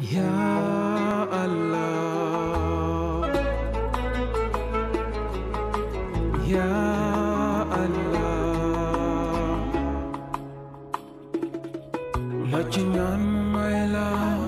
Ya Allah Ya Allah loo ci ñaan may la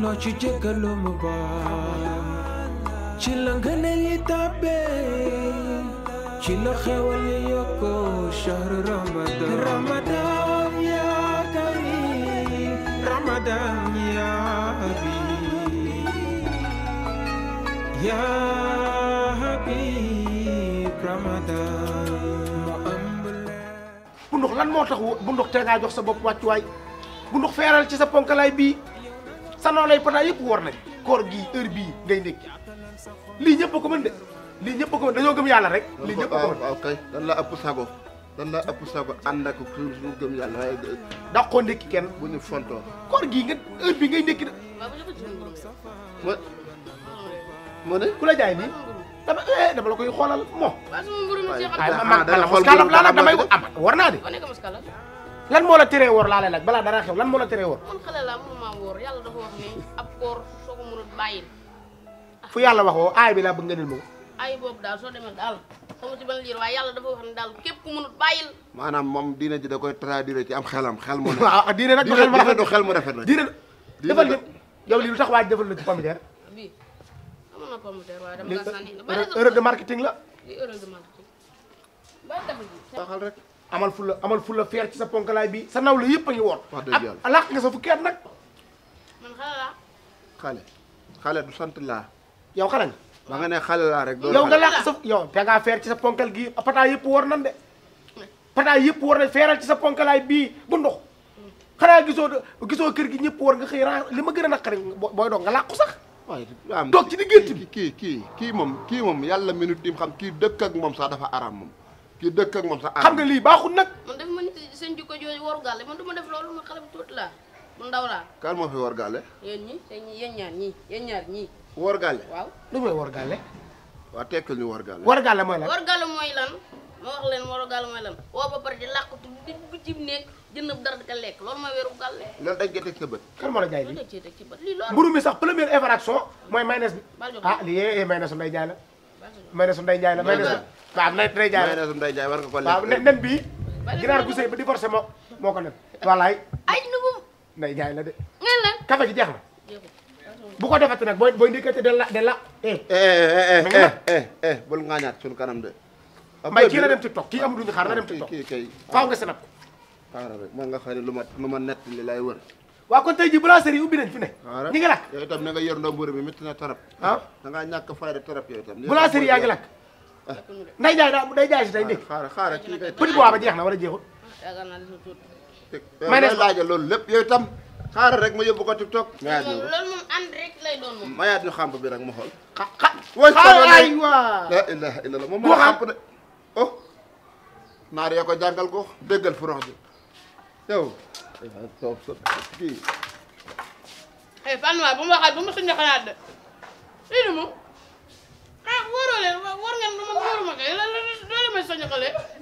loo ci jéggalu mu baal ci la ngëneel yi tàbbee Ramadan غدا يا حبيب يا حبيب رمضان bu ndox lan moo tax bu ndox tee ngaa jox sa bopp wàccuwaay bu ndox feeral ci sa ponkalaay bii sa noolay pataay yëpp war nañ koor gii heure bii ngay ndékki lii ñëpp ko mën de lii ñëpp ko mën gëm yàlla rek lii ñëpp ko mën dan ah, la ëpp sago dan laa ëpp saba ànd ak toujours su gëm yàlla waaye dàqoo ndékki kenn bu ñu fontoo koor gii nga heure bi ngay ndékki da moo ne ku la jaay nii dama eh, dama la koy xoolal moo maskala laa nag damay am war naa de lan moo la teree woor laa lay balaa dara xew lan moo la teree woor man xale laa mënuma woor yàlla dafa wax ne ab koor soo ko mënul bàyyil fu yàlla waxoo aay bi laa bëgg nga nil ma aay boobu daal soo demee daal xamu ci ban liir waaye yàlla dafa wax ne daal képp ku mënut bàyyil maanaam moom diine ji da koy traduire ci am xelam xel mu waaw diine nag diine du xel mu rafet la diine defal nga yow lii lu tax waaj defal la ci pomme de terre bi amoon na pomme de terre waaye dama laa sànni erreur de marketing la lii erreur de marketing ba defal ji waxal rek amal fulla amal fulla feer ci sa ponkalaay bi sa nawlu yëpp a ngi woon wax dëgg yàlla làq nga sa fukki at nag man xale laa xale xale du sant laa yow xale nga ba nga ne xale laa rek. yow nga làq sa yow te ngaa feer ci sa ponkal gi pataay yëpp war nan de. pataay yëpp war na feeral ci sa ponkalaay bii bu ndox. xanaa gisoo gisoo kër gi ñëpp war nga xëy ran li ma gën a naqari booy doog nga làqu sax. waaye toog ci diggante bi kii kii kii moom kii moom yàlla minute yi xam kii dëkk ak moom sax dafa araam moom. kii dëkk ak moom sax araam xam nga lii baaxul nag. man daf man seen jikko jooju waru gàll man du ma def loolu man mu ndaw laa. kan moo fi war gaale. yéen ñi te yéen war gaale. waaw lu mooy war gaale. war gaale. war gaale mooy lan. war gaale mooy lan ma wax leen war gaale mooy lan woo ba pare mburu mi sax première infraction mooy mayonnaise bi. ah lii yee mayonnaise nday jaay la. mayonnaise nday jaay la mayonnaise. waaw nday jaay la ko lekk. waaw nen bii. ginaar gu sëy ba moo moo ko nen wallaay nday iya, jaay iya, iya. la de. ngeen kan la kafe gi jeex na. bu ko defati nag boy booy ndékkati de la de la. eh eh eh eh eh, eh, eh, eh bul ngaañaat sun kanam de. mbay ki la dem tiktok kii amul lu ñu xaar la dem tiktok Ki ki. faaw nga senap. ko. rek man nga xari luma luma net li lay wër. Wa kon tay ji brasserie yi ubbi nañ fi ne. Ni nga lak. yow tam nga yor ndomboor bi métti na torop. Ha? da ngaa ñàkk fayda torop yow itam. brasserie ya nga lak. Nay jaay da day jaay ci tay ndékki. Xara xara ki. kay petit ba jeex na wala jeexul. ma ne loolu lépp yow itam xaaral rek ma yóbbu ko TikTok. mayaat loolu moom ànd rek lay doon moom. mayaat ñu xàmp bi rek ma xool. xa xa xaaral waay la ilaha illallah moom moo xàmp oh, ko jàngal ko déggal furox bi yow. soob soob kii. Eh, bu ma waxaat bu ma suñu xalaat de lii moom ah wóoroo leen war ngeen ma wóoruma kay lan lan lan la may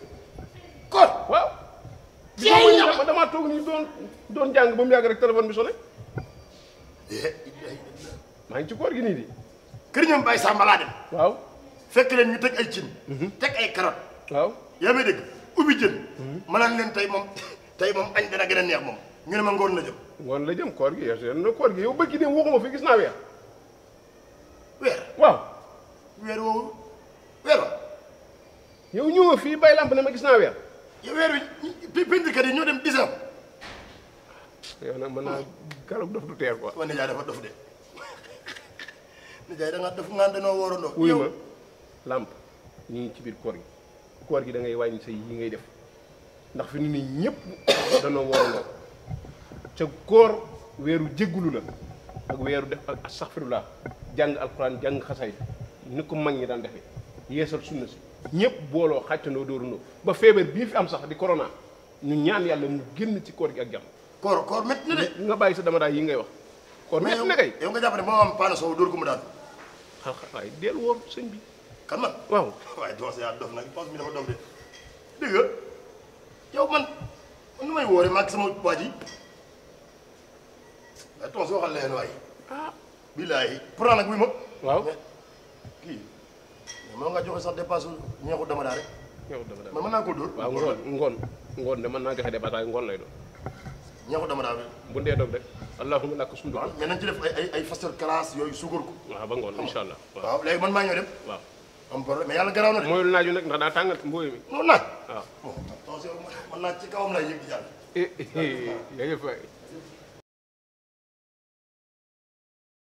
ma damaa toog nii doon doon jàng ba mu yàgg bi sonné. Eh, maa ngi ci koor gi nii di. kër ñoom Baye Samba laa dem. waaw fekk leen ñu teg ay cin. Mhm. teg ay karat. waaw yaa may dégg ubbi jën. Mhm. ma naan leen tey moom tey moom añ dana gën moom ñu ne ma ngoon la jëm. ngoon la jëm koor gi yaa na koor gi yow bëgg ne waxuma fi gis naa weer. weer waaw. weer woowu weer wa. yow ñëwoo fii bay lamp ne ma gis naa weer. weer wi peindre kat yi ñoo dem yow nag mën naa kàlla dof du teer quoi. sama nijaay dafa dof de nijaay da dof ngaan danoo wóorandoo. wuyu ma làmp ñu ngi ci biir koor gi koor gi dangay ngay wàññi sa ngay def ndax fi mu ne nii ñëpp koor weeru jéggulu la ak weeru def ak astaxfirullah jàng alxuraan jàng xasay ni ko mag ñi daan defe yeesal sunna si ñëpp booloo xàccandoo dóorandoo ba feebar bii fi am sax di korona ñu ñaan yàlla mu génn ci koor gi ak jàmm. koor koor métti na de. nga bàyyi sa dama daay yi ngay wax. koor métti na kay yow nga jàpp ne moo am paana sow dóor ko mu daal. deel woor sëñ bi. kan man waaw. waaye doos yaa dof nag paas mi dafa dof de yow man nu may wooree maa ngi waa ah. waaw kii nga joxe sax dépasse ñeexu dama daa ko dóor. waaw ngoon ngoon ngoon de mën naa joxe dépasse waaye ngoon lay doon. ñoo ko dama daal bu dee dog de allahumma lakk sundu waaw mais nañ ci def ay ay ay faster classe yooyu suukar ko waaw ba allah waaw léegi man maa dem waaw am problème nag ndax daa tàngal mbooy mi noonu naaj waaw man naaj kawam lay yëg di jàll eh, eh, eh, yaa ngi